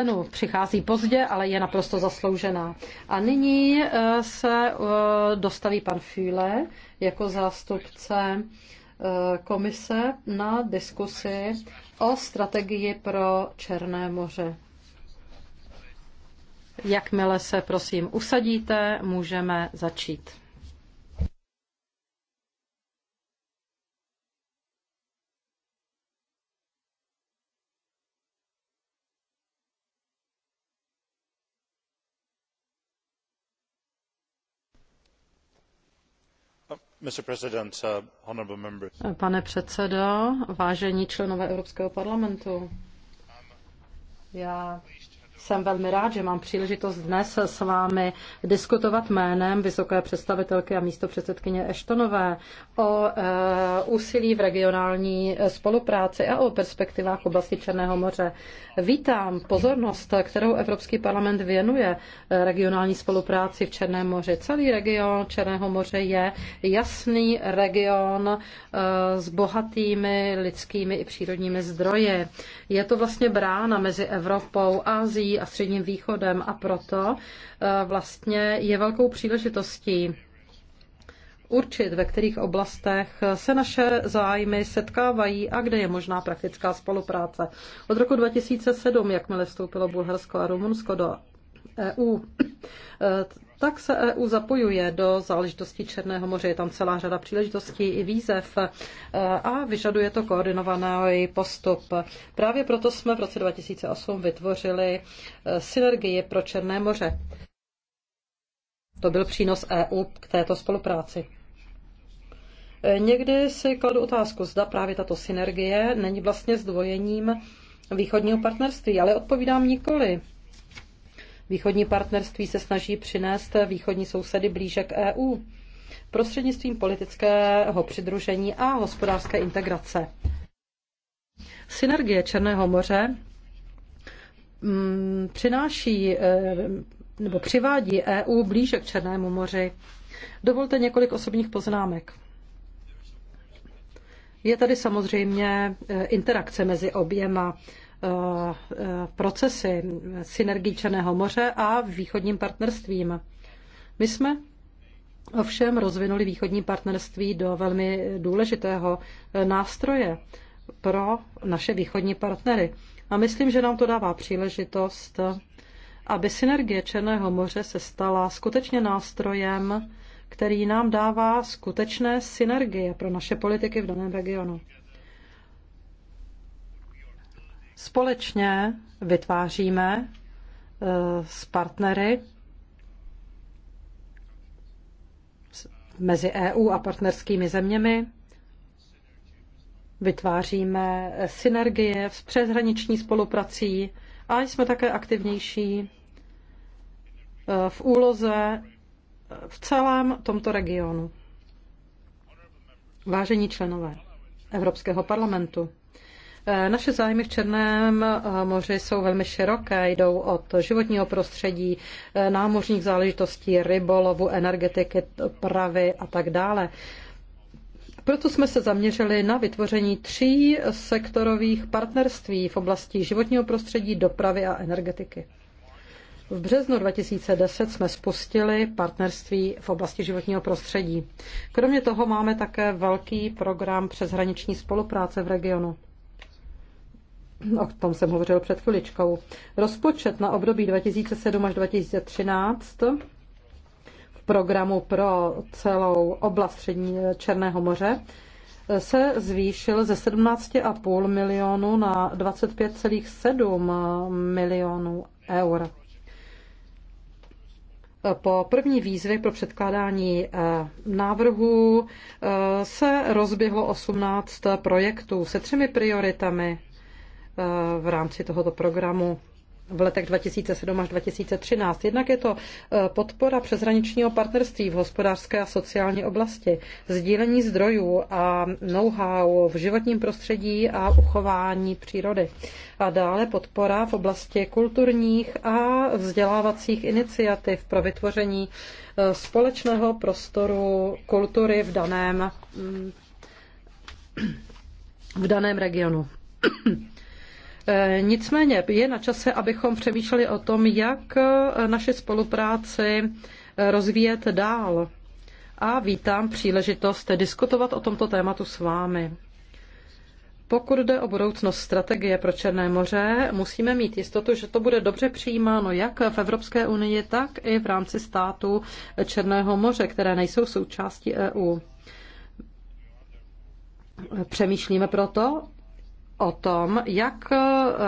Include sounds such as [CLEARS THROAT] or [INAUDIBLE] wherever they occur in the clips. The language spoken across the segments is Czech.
cenu přichází pozdě, ale je naprosto zasloužená. A nyní eh, se eh, dostaví pan Füle jako zástupce eh, komise na diskusi o strategii pro Černé moře. Jakmile se prosím usadíte, můžeme začít. Uh, Pane předsedo, vážení členové Evropského parlamentu, já jsem velmi rád, že mám příležitost dnes s vámi diskutovat jménem vysoké představitelky a místo předsedkyně Eštonové o e, úsilí v regionální spolupráci a o perspektivách v oblasti Černého moře. Vítám pozornost, kterou Evropský parlament věnuje eh, regionální spolupráci v Černém moři. Celý region Černého moře je jasný region e, s bohatými lidskými i přírodními zdroji. Je to vlastně brána mezi Evropou a Azií Ázií a Středním východem a proto eh, vlastně je velkou příležitostí určit, ve kterých oblastech se naše zájmy setkávají a kde je možná praktická spolupráce. Od roku 2007, jakmile vstoupilo Bulharsko a Rumunsko do EU. E, tak se EU zapojuje do záležitostí Černého moře. Je tam celá řada příležitostí i výzev e, a vyžaduje to koordinovaný postup. Právě proto jsme v roce 2008 vytvořili e, synergii pro Černé moře. To byl přínos EU k této spolupráci. Někdy si kladu otázku, zda právě tato synergie není vlastně zdvojením východního partnerství, ale odpovídám nikoli. Východní partnerství se snaží přinést východní sousedy blíže k EU prostřednictvím politického přidružení a hospodářské integrace. Synergie Černého moře mm, přináší eh, nebo přivádí EU blíže k Černému moři. Dovolte několik osobních poznámek. Je tady samozřejmě eh, interakce mezi oběma Eh, procesy synergii Černého moře a východním partnerstvím. My jsme ovšem rozvinuli východní partnerství do velmi důležitého eh, nástroje pro naše východní partnery. A myslím, že nám to dává příležitost, aby synergie Černého moře se stala skutečně nástrojem, který nám dává skutečné synergie pro naše politiky v daném regionu. Společně vytváříme eh, s partnery mezi EU a partnerskými zeměmi. Vytváříme eh, synergie s přeshraniční spoluprací a jsme také aktivnější eh, v úloze v celém tomto regionu. Vážení členové Evropského parlamentu, Eh, naše zájmy v Černém eh, moři jsou velmi široké, jdou od životního prostředí, eh, námořních záležitostí, rybolovu, energetiky, pravy a tak dále. Proto jsme se zaměřili na vytvoření tří sektorových partnerství v oblasti životního prostředí, dopravy a energetiky. V březnu 2010 jsme spustili partnerství v oblasti životního prostředí. Kromě toho máme také velký program přeshraniční spolupráce v regionu. No, o tom jsem hovořil před chviličkou. Rozpočet na období 2007 až 2013 v programu pro celou oblast střední Černého moře se zvýšil ze 17,5 milionů na 25,7 milionů eur. Po první výzvě pro předkládání eh, návrhů eh, se rozběhlo 18 projektů se třemi prioritami Eh, v rámci tohoto programu v letech 2007 až 2013. Jednak je to eh, podpora přeshraničního partnerství v hospodářské a sociální oblasti, sdílení zdrojů a know-how v životním prostředí a uchování přírody. A dále podpora v oblasti kulturních a vzdělávacích iniciativ pro vytvoření eh, společného prostoru kultury v daném, mm, v daném regionu. E, nicméně je na čase, abychom přemýšleli o tom, jak e, naše spolupráci e, rozvíjet dál. A vítám příležitost diskutovat o tomto tématu s vámi. Pokud jde o budoucnost strategie pro Černé moře, musíme mít jistotu, že to bude dobře přijímáno jak v Evropské unii, tak i v rámci států Černého moře, které nejsou součástí EU. Přemýšlíme proto o tom, jak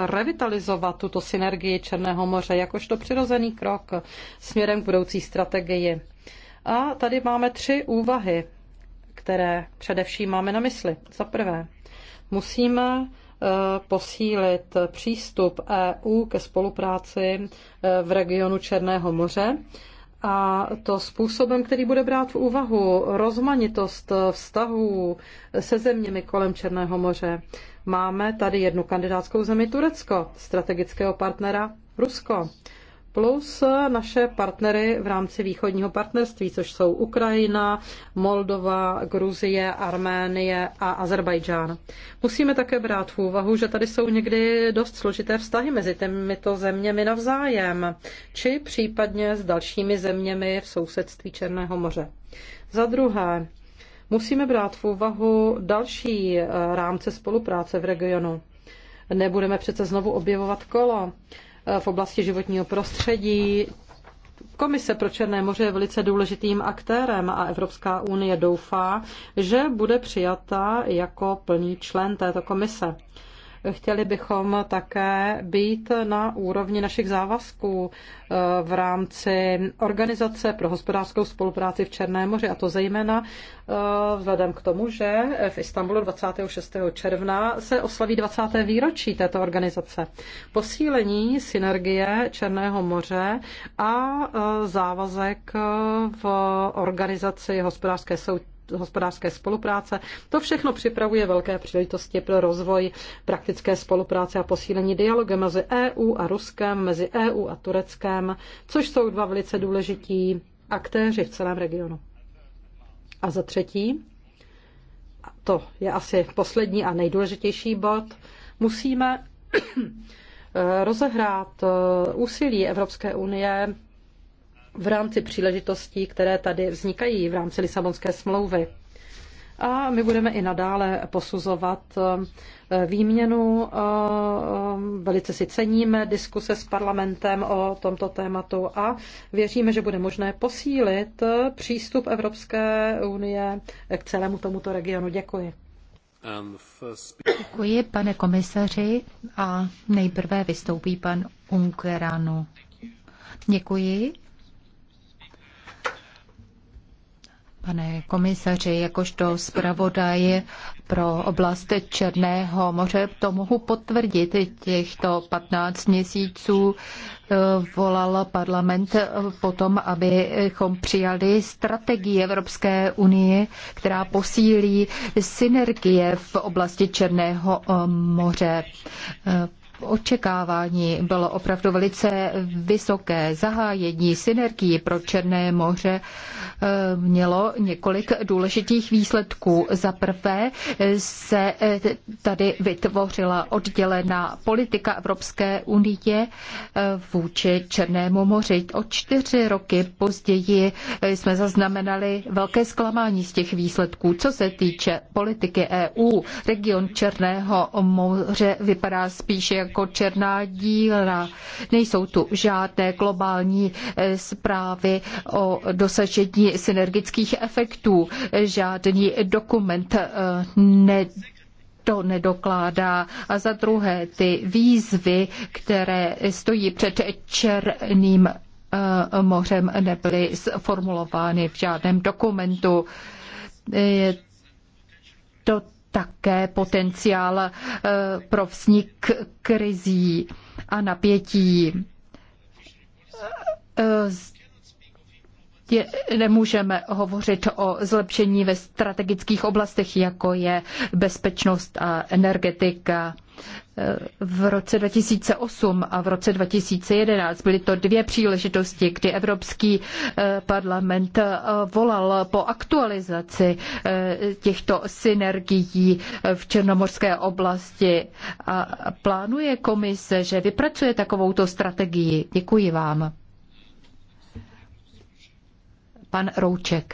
revitalizovat tuto synergii Černého moře jakožto přirozený krok směrem k budoucí strategii. A tady máme tři úvahy, které především máme na mysli. Za prvé, musíme eh, posílit přístup EU ke spolupráci eh, v regionu Černého moře a to způsobem, který bude brát v úvahu rozmanitost eh, vztahů se zeměmi kolem Černého moře. Máme tady jednu kandidátskou zemi Turecko, strategického partnera Rusko, plus naše partnery v rámci východního partnerství, což jsou Ukrajina, Moldova, Gruzie, Arménie a Azerbajdžán. Musíme také brát v úvahu, že tady jsou někdy dost složité vztahy mezi těmito zeměmi navzájem, či případně s dalšími zeměmi v sousedství Černého moře. Za druhé, Musíme brát v úvahu další eh, rámce spolupráce v regionu. Nebudeme přece znovu objevovat kolo eh, v oblasti životního prostředí. Komise pro Černé moře je velice důležitým aktérem a Evropská unie doufá, že bude přijata jako plný člen této komise. Chtěli bychom také být na úrovni našich závazků eh, v rámci Organizace pro hospodářskou spolupráci v Černém moři, a to zejména eh, vzhledem k tomu, že v Istanbulu 26. června se oslaví 20. výročí této organizace. Posílení synergie Černého moře a eh, závazek v organizaci hospodářské soutěže hospodářské spolupráce. To všechno připravuje velké příležitosti pro rozvoj praktické spolupráce a posílení dialogu mezi EU a Ruskem, mezi EU a Tureckem, což jsou dva velice důležití aktéři v celém regionu. A za třetí, to je asi poslední a nejdůležitější bod, musíme [CLEARS THROAT] rozehrát eh, úsilí Evropské unie v rámci příležitostí, které tady vznikají v rámci Lisabonské smlouvy. A my budeme i nadále posuzovat eh, výměnu. Eh, velice si ceníme diskuse s parlamentem o tomto tématu a věříme, že bude možné posílit eh, přístup Evropské unie k celému tomuto regionu. Děkuji. Děkuji, pane komisaři. A nejprve vystoupí pan Unkeranu. Děkuji. Pane komisaři, jakožto zpravodaj pro oblast Černého moře, to mohu potvrdit. Těchto 15 měsíců eh, volal parlament eh, potom, abychom přijali strategii Evropské unie, která posílí synergie v oblasti Černého eh, moře očekávání bylo opravdu velice vysoké. Zahájení synergii pro Černé moře eh, mělo několik důležitých výsledků. Za prvé eh, se eh, tady vytvořila oddělená politika Evropské unie vůči Černému moři. O čtyři roky později jsme zaznamenali velké zklamání z těch výsledků. Co se týče politiky EU, region Černého moře vypadá spíše jako černá díra. Nejsou tu žádné globální eh, zprávy o dosažení synergických efektů. Žádný dokument eh, ne to nedokládá. A za druhé, ty výzvy, které stojí před černým eh, mořem, nebyly formulovány v žádném dokumentu. Je to také potenciál eh, pro vznik krizí a napětí eh, je, nemůžeme hovořit o zlepšení ve strategických oblastech, jako je bezpečnost a energetika. V roce 2008 a v roce 2011 byly to dvě příležitosti, kdy Evropský eh, parlament eh, volal po aktualizaci eh, těchto synergií v černomorské oblasti. A plánuje komise, že vypracuje takovouto strategii. Děkuji vám. Pan Rouček.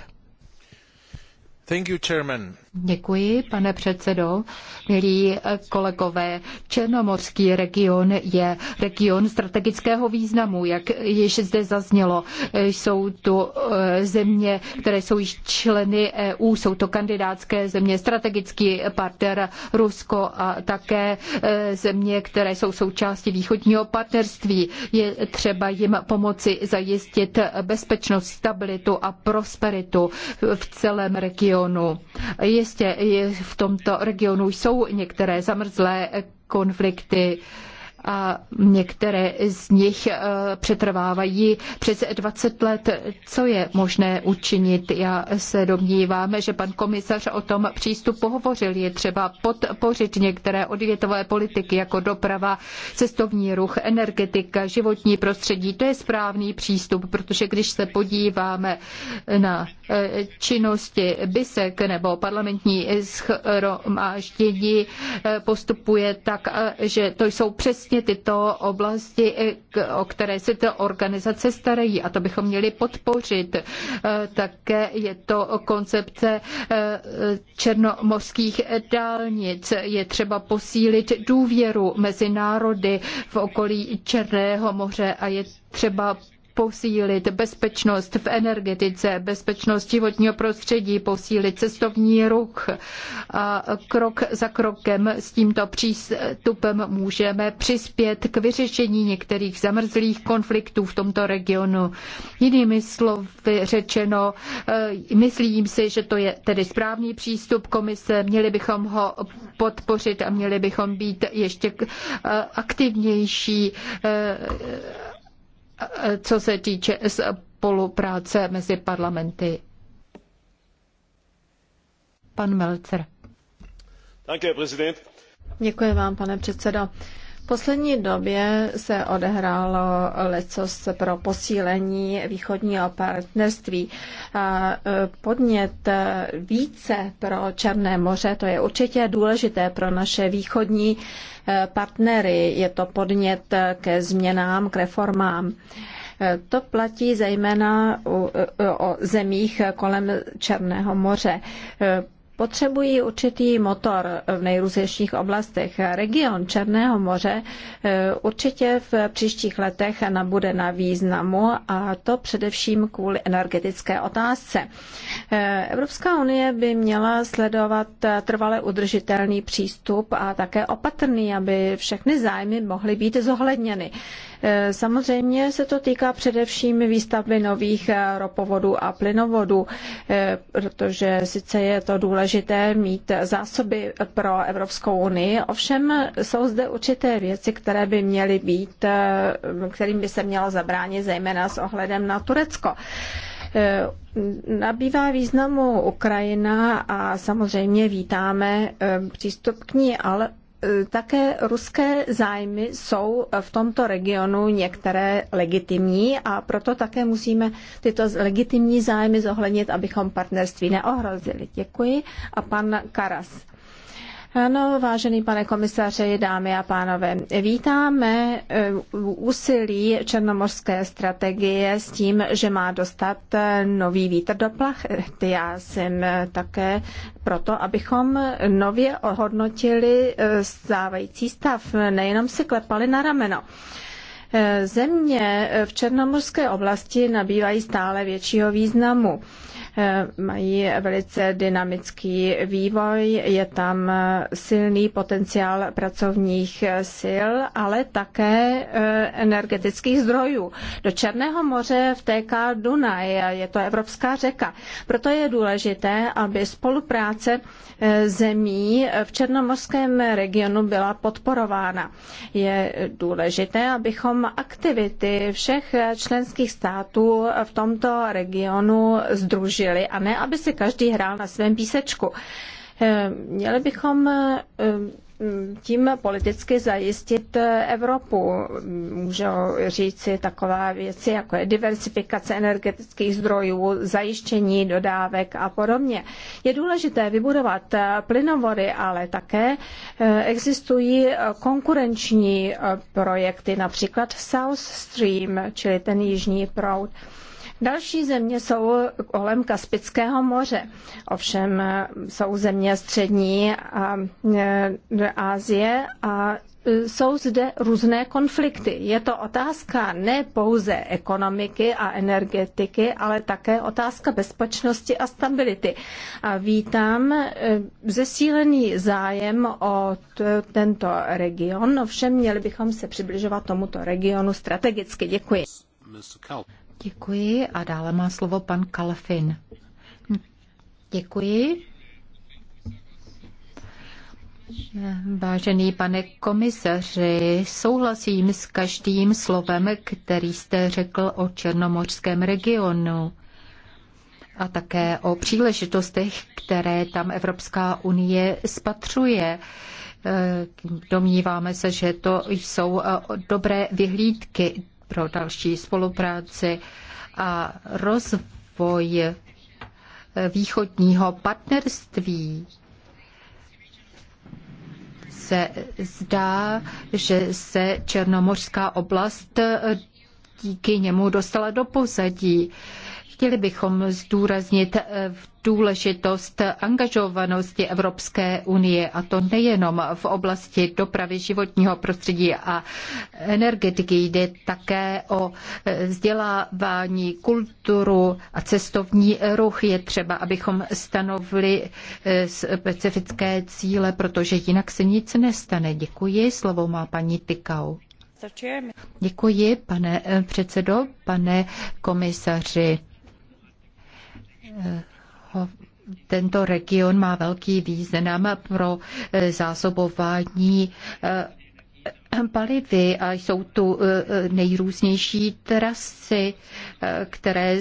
Thank you, chairman. Děkuji, pane předsedo. Milí kolegové, Černomorský region je region strategického významu, jak již zde zaznělo. Jsou tu eh, země, které jsou již členy EU, jsou to kandidátské země, strategický partner Rusko a také eh, země, které jsou součástí východního partnerství. Je třeba jim pomoci zajistit bezpečnost, stabilitu a prosperitu v celém regionu. Je Jistě v tomto regionu jsou některé zamrzlé konflikty, a některé z nich eh, přetrvávají přes 20 let. Co je možné učinit? Já se domnívám, že pan komisař o tom přístupu pohovořil. Je třeba podpořit některé odvětové politiky jako doprava, cestovní ruch, energetika, životní prostředí. To je správný přístup, protože když se podíváme na eh, činnosti BISEK nebo parlamentní schromáždění, eh, postupuje tak, že to jsou přes přesně vlastně tyto oblasti, eh, o které se ty organizace starají a to bychom měli podpořit. Eh, také je to koncepce eh, černomorských dálnic. Je třeba posílit důvěru mezi národy v okolí Černého moře a je třeba posílit bezpečnost v energetice, bezpečnost životního prostředí, posílit cestovní ruch. A krok za krokem s tímto přístupem můžeme přispět k vyřešení některých zamrzlých konfliktů v tomto regionu. Jinými slovy řečeno, eh, myslím si, že to je tedy správný přístup komise, měli bychom ho podpořit a měli bychom být ještě eh, aktivnější eh, co se týče spolupráce mezi parlamenty. Pan Melcer. Děkuji vám, pane předsedo poslední době se odehrálo lecos pro posílení východního partnerství. A e, podnět více pro Černé moře, to je určitě důležité pro naše východní e, partnery. Je to podnět ke změnám, k reformám. E, to platí zejména o zemích kolem Černého moře potřebují určitý motor v nejrůznějších oblastech. Region Černého moře eh, určitě v příštích letech nabude na významu a to především kvůli energetické otázce. Eh, Evropská unie by měla sledovat trvale udržitelný přístup a také opatrný, aby všechny zájmy mohly být zohledněny. Eh, samozřejmě se to týká především výstavby nových ropovodů a plynovodů, protože sice je to důležité, důležité mít zásoby pro Evropskou unii, ovšem jsou zde určité věci, které by měly být, eh, kterým by se mělo zabránit, zejména s ohledem na Turecko. Eh, nabývá významu Ukrajina a samozřejmě vítáme eh, přístup k ní, ale Eh, také ruské zájmy jsou v tomto regionu některé legitimní a proto také musíme tyto legitimní zájmy zohlednit, abychom partnerství neohrozili. Děkuji. A pan Karas. Ano, vážený pane komisaře, dámy a pánové, vítáme eh, úsilí černomorské strategie s tím, že má dostat eh, nový vítr do plach. Já jsem eh, také proto, abychom nově ohodnotili stávající stav, nejenom si klepali na rameno. Země v černomorské oblasti nabývají stále většího významu. Eh, mají velice dynamický vývoj, je tam silný potenciál pracovních sil, ale také eh, energetických zdrojů. Do Černého moře vtéká Dunaj, je to evropská řeka. Proto je důležité, aby spolupráce eh, zemí v černomorském regionu byla podporována. Je důležité, abychom aktivně aktivity všech členských států v tomto regionu združily a ne, aby si každý hrál na svém písečku. Eh, měli bychom eh, tím politicky zajistit Evropu. Můžu říci takové věci, jako je diversifikace energetických zdrojů, zajištění dodávek a podobně. Je důležité vybudovat plynovody, ale také eh, existují konkurenční eh, projekty, například South Stream, čili ten jižní proud. Další země jsou kolem Kaspického moře. Ovšem eh, jsou země střední a eh, Asie a eh, jsou zde různé konflikty. Je to otázka ne pouze ekonomiky a energetiky, ale také otázka bezpečnosti a stability. A vítám zesílený zájem o tento region, ovšem měli bychom se přibližovat tomuto regionu strategicky. Děkuji. Děkuji a dále má slovo pan Kalfin. Děkuji. Vážený pane komisaři, souhlasím s každým slovem, který jste řekl o černomořském regionu a také o příležitostech, které tam Evropská unie spatřuje. Domníváme se, že to jsou dobré vyhlídky pro další spolupráci a rozvoj východního partnerství se zdá, že se Černomořská oblast díky němu dostala do pozadí. Chtěli bychom zdůraznit eh, důležitost angažovanosti Evropské unie, a to nejenom v oblasti dopravy životního prostředí a energetiky, jde také o eh, vzdělávání, kulturu a cestovní ruch. Je třeba, abychom stanovili eh, specifické cíle, protože jinak se nic nestane. Děkuji. Slovo má paní Tykau. Děkuji, pane předsedo, pane komisaři tento region má velký význam pro eh, zásobování eh, palivy a jsou tu eh, nejrůznější trasy, které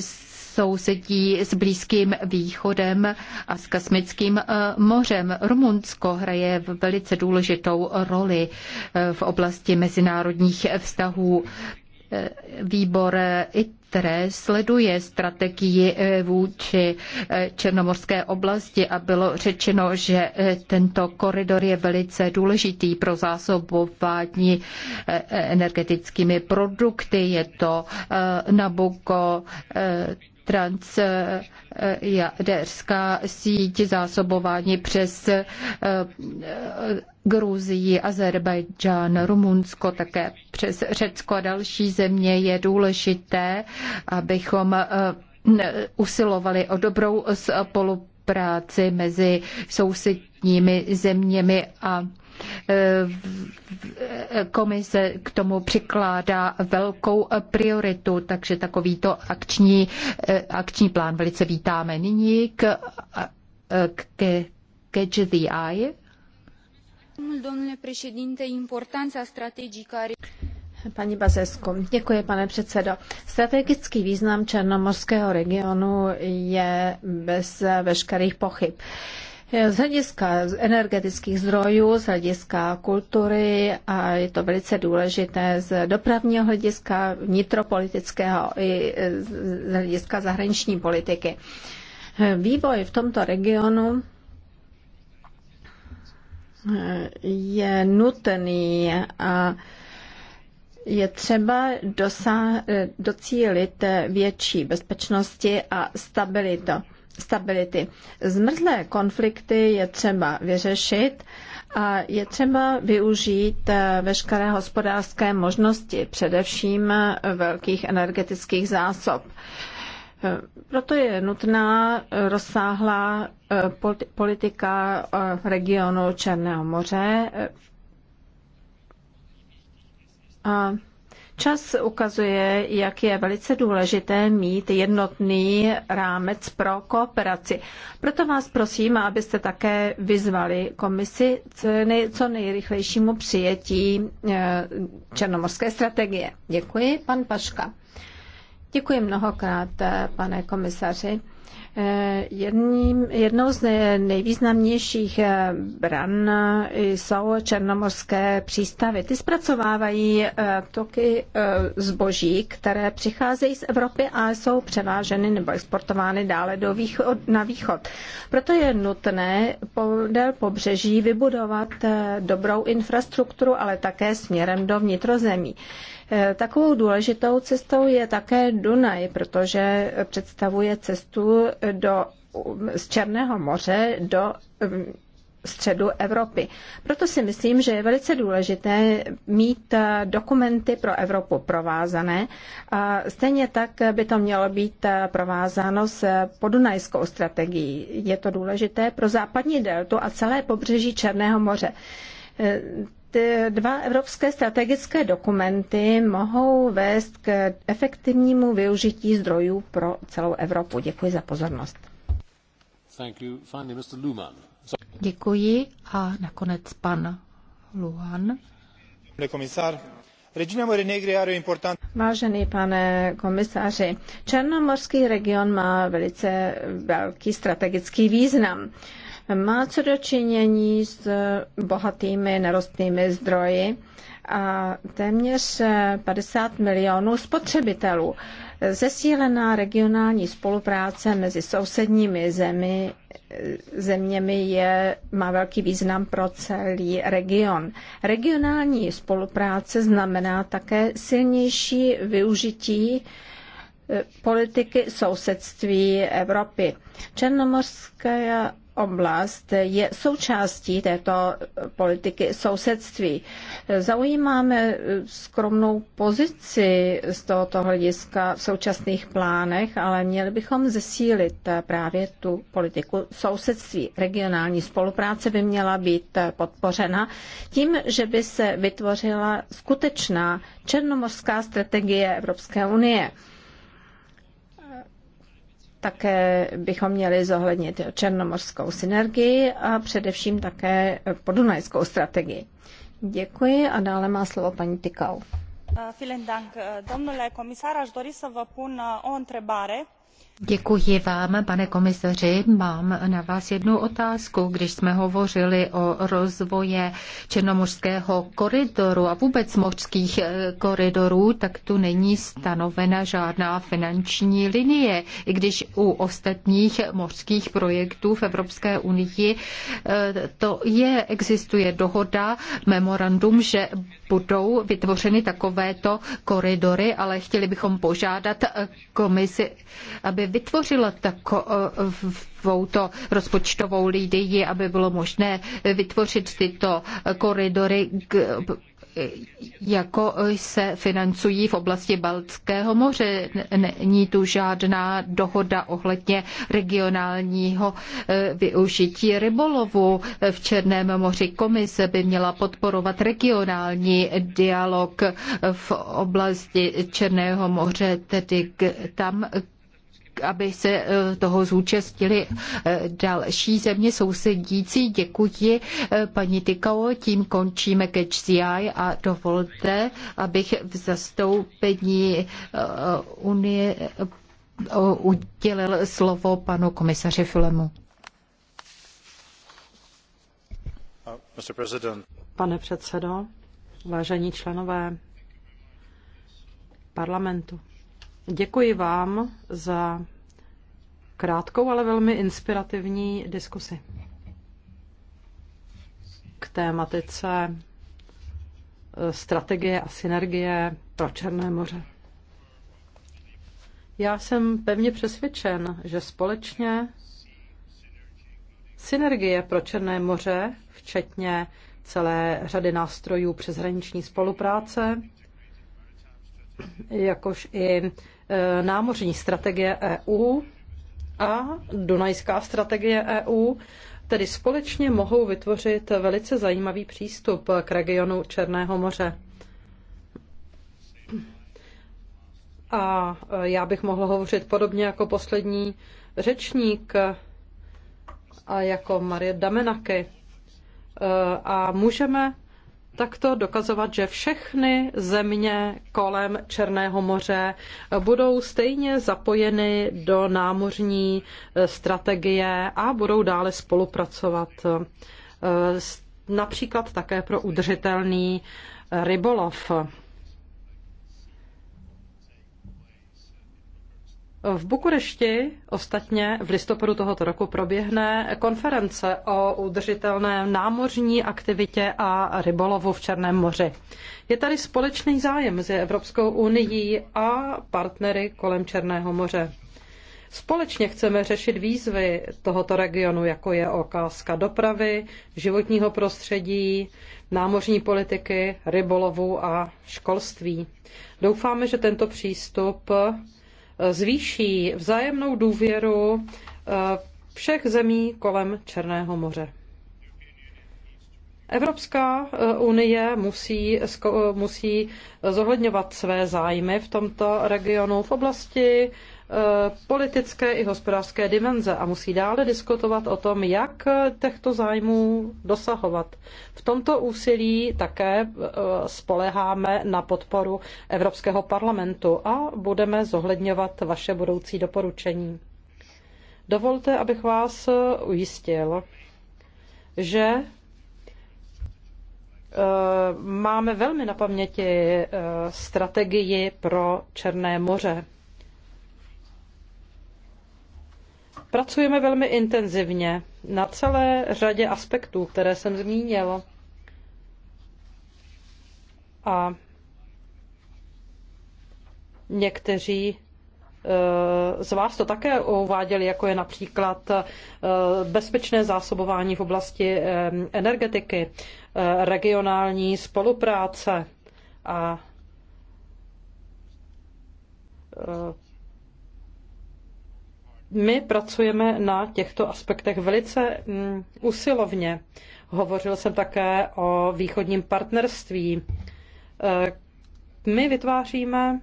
sousedí s Blízkým východem a s Kasmickým mořem. Rumunsko hraje velice důležitou roli v oblasti mezinárodních vztahů výbor ITRE sleduje strategii vůči Černomorské oblasti a bylo řečeno, že tento koridor je velice důležitý pro zásobování energetickými produkty. Je to Nabucco, transjaderská síť zásobování přes eh, Gruzii, Azerbajdžán, Rumunsko, také přes Řecko a další země je důležité, abychom eh, usilovali o dobrou spolupráci mezi sousedními zeměmi a Eh, komise k tomu přikládá velkou prioritu, takže takovýto akční, eh, akční plán velice vítáme. Nyní k, eh, k, k Catch the Eye. Importanța Paní Bazesku, děkuji, pane předsedo. Strategický význam černomorského regionu je bez veškerých pochyb. Z hlediska energetických zdrojů, z hlediska kultury a je to velice důležité z dopravního hlediska, vnitropolitického i z hlediska zahraniční politiky. Vývoj v tomto regionu eh, je nutný a je třeba dosa- eh, docílit eh, větší bezpečnosti a stabilitu stability. Zmrzlé konflikty je třeba vyřešit a je třeba využít eh, veškeré hospodářské možnosti, především eh, velkých energetických zásob. Eh, proto je nutná rozsáhlá politika regionu Černého moře. A Čas ukazuje, jak je velice důležité mít jednotný rámec pro kooperaci. Proto vás prosím, abyste také vyzvali komisi co nejrychlejšímu přijetí eh, černomorské strategie. Děkuji, pan Paška. Děkuji mnohokrát, eh, pane komisaři. Jedním, jednou z nejvýznamnějších eh, bran eh, jsou černomorské přístavy. Ty zpracovávají eh, toky zboží, které přicházejí z Evropy a jsou převáženy nebo exportovány dále do východ, na východ. Proto je nutné podél pobřeží vybudovat dobrou infrastrukturu, ale také směrem do vnitrozemí. Takovou důležitou cestou je také Dunaj, protože představuje cestu do, z Černého moře do um, středu Evropy. Proto si myslím, že je velice důležité mít eh, dokumenty pro Evropu provázané. Stejně tak by to mělo být eh, provázáno s podunajskou strategií. Je to důležité pro západní deltu a celé pobřeží Černého moře eh, ty dva evropské strategické dokumenty mohou vést k efektivnímu využití zdrojů pro celou Evropu. Děkuji za pozornost. Finally, so... Děkuji a nakonec pan Luhan. Komisár, Vážený pane komisáři, Černomorský region má velice velký strategický význam. Má co dočinění s bohatými nerostnými zdroji a téměř 50 eh, milionů spotřebitelů. Zesílená regionální spolupráce mezi sousedními zemi, eh, zeměmi je, má velký význam pro celý region. Regionální spolupráce znamená také silnější využití eh, politiky sousedství Evropy. Černomorská oblast je součástí této politiky sousedství. Zaujímáme skromnou pozici z tohoto hlediska v současných plánech, ale měli bychom zesílit právě tu politiku sousedství. Regionální spolupráce by měla být podpořena tím, že by se vytvořila skutečná černomorská strategie Evropské unie. Také bychom měli zohlednit černomorskou synergii a především také podunajskou strategii. Děkuji a dále má slovo paní Tikau. Vielen Dank. Domnule comisar, aș dori să vă pun uh, o întrebare Děkuji vám, pane komisaři. Mám na vás jednu otázku. Když jsme hovořili o rozvoje Černomořského koridoru a vůbec mořských eh, koridorů, tak tu není stanovena žádná finanční linie, i když u ostatních mořských projektů v Evropské unii eh, to je, existuje dohoda, memorandum, že budou vytvořeny takovéto koridory, ale chtěli bychom požádat eh, komisi, aby vytvořila takovou to rozpočtovou lidi, aby bylo možné vytvořit tyto koridory k jako se financují v oblasti Baltského moře. Není tu žádná dohoda ohledně regionálního e, využití rybolovu v Černém moři. Komise by měla podporovat regionální dialog v oblasti Černého moře, tedy tam, aby se eh, toho zúčastnili eh, další země sousedící. Děkuji eh, paní Tykao, tím končíme Catch the Eye a dovolte, abych v zastoupení Unie udělil slovo panu komisaři Filemu. Pane předsedo, vážení členové parlamentu, Děkuji vám za krátkou, ale velmi inspirativní diskusi k tématice eh, strategie a synergie pro Černé moře. Já jsem pevně přesvědčen, že společně synergie pro Černé moře, včetně celé řady nástrojů přeshraniční spolupráce, jakož i Eh, námořní strategie EU a Dunajská strategie EU tedy společně mohou vytvořit velice zajímavý přístup k regionu Černého moře. A eh, já bych mohla hovořit podobně jako poslední řečník a jako Marie Damenaky. Eh, a můžeme takto dokazovat, že všechny země kolem Černého moře budou stejně zapojeny do námořní eh, strategie a budou dále spolupracovat eh, například také pro udržitelný eh, rybolov. V Bukurešti ostatně v listopadu tohoto roku proběhne konference o udržitelné námořní aktivitě a rybolovu v Černém moři. Je tady společný zájem mezi Evropskou unii a partnery kolem Černého moře. Společně chceme řešit výzvy tohoto regionu, jako je okázka dopravy, životního prostředí, námořní politiky, rybolovu a školství. Doufáme, že tento přístup zvýší vzájemnou důvěru eh, všech zemí kolem Černého moře. Evropská eh, unie musí, musí zohledňovat své zájmy v tomto regionu v oblasti Eh, politické i hospodářské dimenze a musí dále diskutovat o tom, jak těchto zájmů dosahovat. V tomto úsilí také eh, spoleháme na podporu Evropského parlamentu a budeme zohledňovat vaše budoucí doporučení. Dovolte, abych vás ujistil, že eh, máme velmi na paměti strategii pro Černé moře. Pracujeme velmi intenzivně na celé řadě aspektů, které jsem zmínil. A někteří eh, z vás to také uváděli, jako je například eh, bezpečné zásobování v oblasti eh, energetiky, regionální spolupráce a my pracujeme na těchto aspektech velice mm, usilovně. Hovořil jsem také o východním partnerství. E, my vytváříme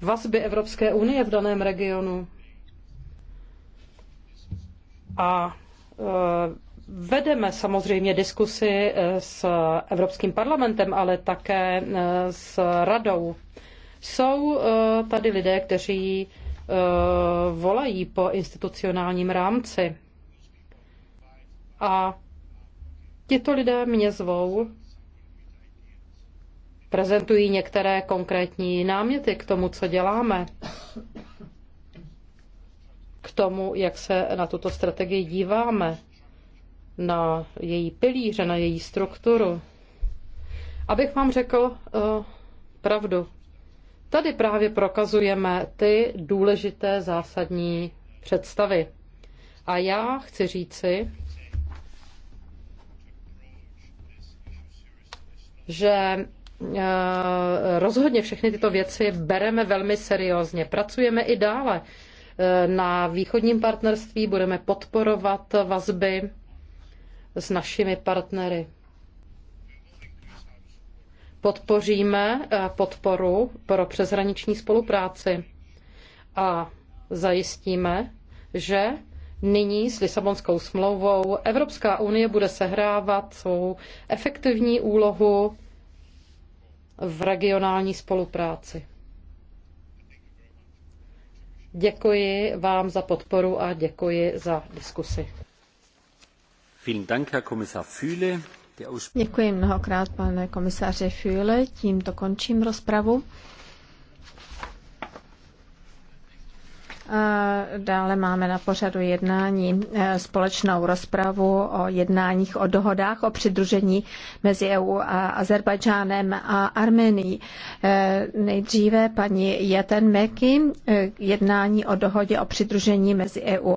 vazby Evropské unie v daném regionu. A e, Vedeme samozřejmě diskusy eh, s Evropským parlamentem, ale také eh, s radou. Jsou eh, tady lidé, kteří volají po institucionálním rámci. A tito lidé mě zvou, prezentují některé konkrétní náměty k tomu, co děláme, k tomu, jak se na tuto strategii díváme na její pilíře, na její strukturu. Abych vám řekl uh, pravdu, tady právě prokazujeme ty důležité zásadní představy. A já chci říci, že eh, rozhodně všechny tyto věci bereme velmi seriózně. Pracujeme i dále eh, na východním partnerství, budeme podporovat vazby s našimi partnery. Podpoříme eh, podporu pro přeshraniční spolupráci a zajistíme, že nyní s Lisabonskou smlouvou Evropská unie bude sehrávat svou efektivní úlohu v regionální spolupráci. Děkuji vám za podporu a děkuji za diskusi. Děkuji mnohokrát, pane komisaři Füle. Tímto končím rozpravu. Dále máme na pořadu jednání eh, společnou rozpravu o jednáních o dohodách o přidružení mezi EU a Azerbajdžánem a Armenií. Eh, nejdříve paní Jaten Meky, eh, jednání o dohodě o přidružení mezi EU